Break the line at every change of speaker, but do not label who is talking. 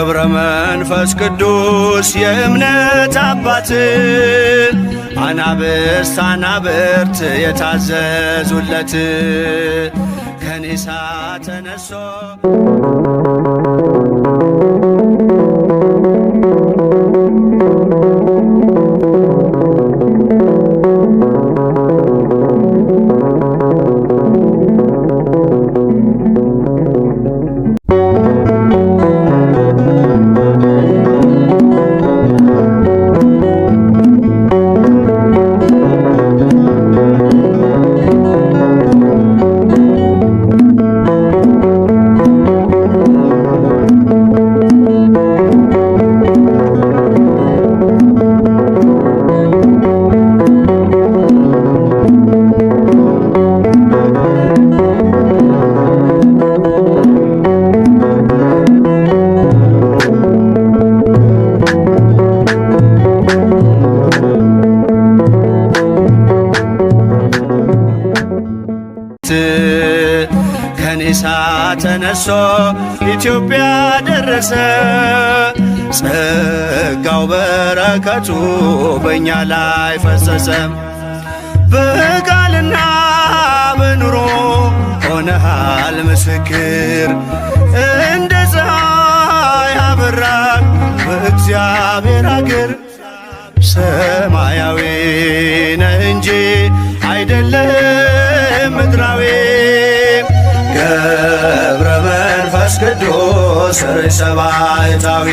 ገብረ መንፈስ ቅዱስ የእምነት አባት አናብስት አናብርት የታዘዙለት ከኒሳ ተነሶ ከኒሳ ተነሶ ኢትዮጵያ ደረሰ። ጸጋው በረከቱ በእኛ ላይ ፈሰሰ። በቃልና በኑሮ ሆነሃል ምስክር እንደ ፀሐይ አበራን በእግዚአብሔር አገር ሰማያዊ ነህ እንጂ አይደለም ቅዱስ ርሰ ባሕታዊ